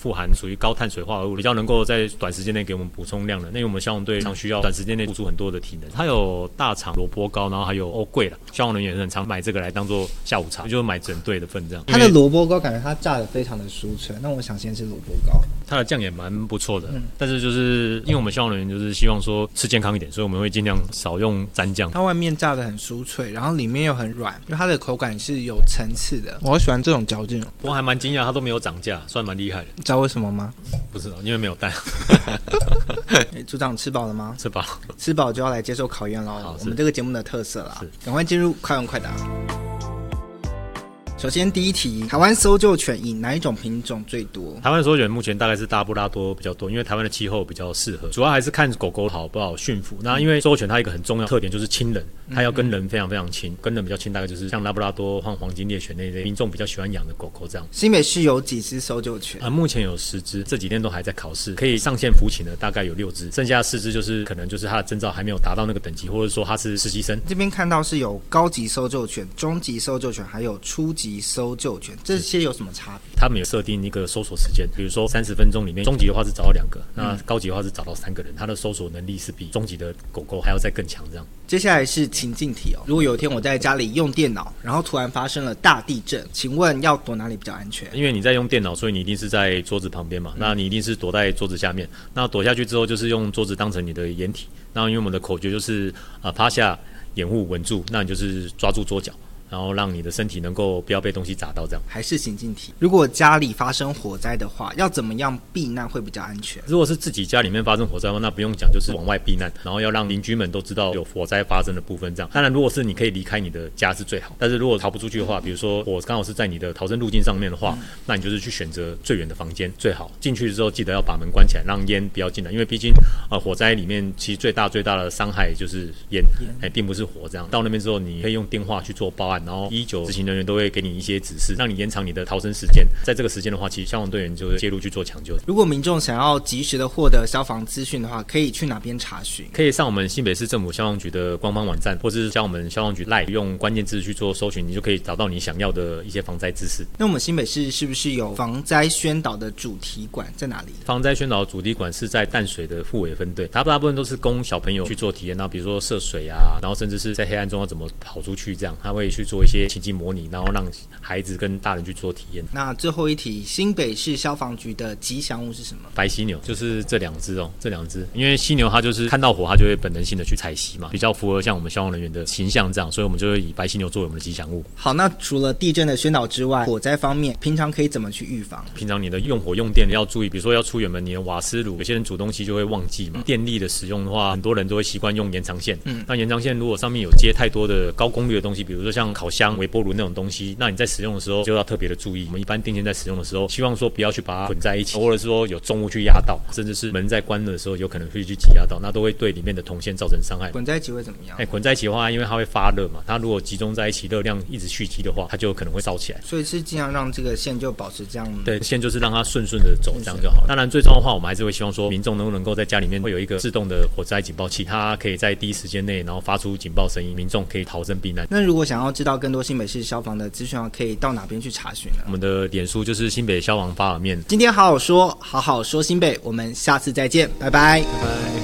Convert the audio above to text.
富含屬於高碳水化合物，比較能夠在短時間內給我們補充量的，那個我們消防隊常需要短時間內付出很多的體能。它有大腸蘿蔔糕，然後還有芋粿了，消防人員也很常買這個來當做下午茶，就是買整隊的份這樣。它的蘿蔔糕感覺它炸的非常的酥脆，那我想先吃蘿蔔糕。它的醬也蠻不錯的，嗯，但是就是因為我們消防人員就是希望說吃健康一點，所以我們會盡量少用蘸醬。它外面炸得很酥脆，然後裡面又很軟，因為它的口感是有層次的。我喜歡這種嚼勁。我還蠻驚訝，它都沒有漲價，算蠻厲害的。你知道為什麼嗎？不知道。喔，因為沒有蛋。 欸、組長吃飽了嗎？吃飽。吃飽就要來接受考驗了。好，我們這個節目的特色啦。是。趕快進入快問快答。首先，第一題，台灣搜救犬以哪一種品種最多？台灣搜救犬目前大概是拉布拉多比較多，因為台灣的氣候比較適合，主要還是看狗狗好不好馴服。那因為搜救犬它有一個很重要特點就是親人。它要跟人非常非常親，跟人比較親，大概就是像拉布拉多、換黃金獵犬那一類民眾比較喜歡養的狗狗這樣。新北市有幾隻搜救犬？啊，目前有十隻，這幾天都還在考試，可以上線服勤的大概有六隻，剩下四隻就是可能就是它的徵兆還沒有達到那個等級，或者說它是實習生。這邊看到是有高級搜救犬、中級搜救犬，還有初級搜救犬，這些有什麼差別？他們有設定一個搜索時間，比如說三十分鐘裡面，中級的話是找到兩個，那高級的話是找到三個人，它、嗯、的搜索能力是比中級的狗狗還要再更強這樣。接下來是。情境題哦，如果有一天我在家裡用電腦，然後突然發生了大地震，請問要躲哪裡比較安全？因為你在用電腦，所以你一定是在桌子旁邊嘛、嗯，那你一定是躲在桌子下面。那躲下去之後，就是用桌子當成你的掩體。那因為我們的口訣就是啊、呃，趴下、掩護、穩住，那你就是抓住桌角。然後讓你的身體能夠不要被東西砸到，這樣還是行進體。如果家裡發生火災的話，要怎麼樣避難會比較安全？如果是自己家裡面發生火災的話，那不用講，就是往外避難。然後要讓鄰居們都知道有火災發生的部分這樣。當然，如果是你可以離開你的家是最好。但是如果逃不出去的話，比如說火剛好是在你的逃生路徑上面的話，那你就是去選擇最遠的房間最好。進去的時候記得要把門關起來，讓煙不要進來，因為畢竟啊，火災裡面其實最大最大的傷害就是煙，煙哎，並不是火。這樣到那邊之後，你可以用電話去做報案。然後，119執行人員都會給你一些指示，讓你延長你的逃生時間。在這個時間的話，其實消防隊員就會介入去做搶救。如果民眾想要及時的獲得消防資訊的話，可以去哪邊查詢？可以上我們新北市政府消防局的官方網站，或者是像我們消防局 LINE 用關鍵字去做搜尋，你就可以找到你想要的一些防災知識。那我們新北市是不是有防災宣導的主題館在哪裡？防災宣導的主題館是在淡水的滬尾分隊，大部大部分都是供小朋友去做體驗，那比如說涉水啊，然後甚至是在黑暗中要怎麼跑出去這樣，他會去。做一些情境模擬，然後讓孩子跟大人去做體驗。那最後一題，新北市消防局的吉祥物是什麼？白犀牛，就是這兩隻哦，這兩隻，因為犀牛它就是看到火，它就會本能性的去踩熄嘛，比較符合像我們消防人員的形象這樣，所以我們就會以白犀牛作為我們的吉祥物。好，那除了地震的宣導之外，火災方面平常可以怎麼去預防？平常你的用火用電你要注意，比如說要出遠門，你的瓦斯爐有些人煮東西就會忘記嘛，嗯。電力的使用的話，很多人都會習慣用延長線，嗯，那延長線如果上面有接太多的高功率的東西，比如說像。烤箱、微波爐那種東西，那你在使用的時候就要特別的注意。我們一般電線在使用的時候，希望說不要去把它捆在一起，或者是說有重物去壓到，甚至是門在關的時候有可能會去擠壓到，那都會對裡面的銅線造成傷害。捆在一起會怎麼樣？哎、欸，捆在一起的話，因為它會發熱嘛，它如果集中在一起，熱量一直蓄積的話，它就可能會燒起來。所以是盡量讓這個線就保持這樣。對，線就是讓它順順的走，這樣就好了。當然，最終的話，我們還是會希望說民眾能不能夠在家裡面會有一個自動的火災警報器，它可以在第一時間內，然後發出警報聲音，民眾可以逃生避難。那如果想要知道。要更多新北市消防的資訊，可以到哪邊去查詢呢？我們的點數就是新北消防發面。今天好好說，好好說新北，我們下次再見，拜拜。拜拜。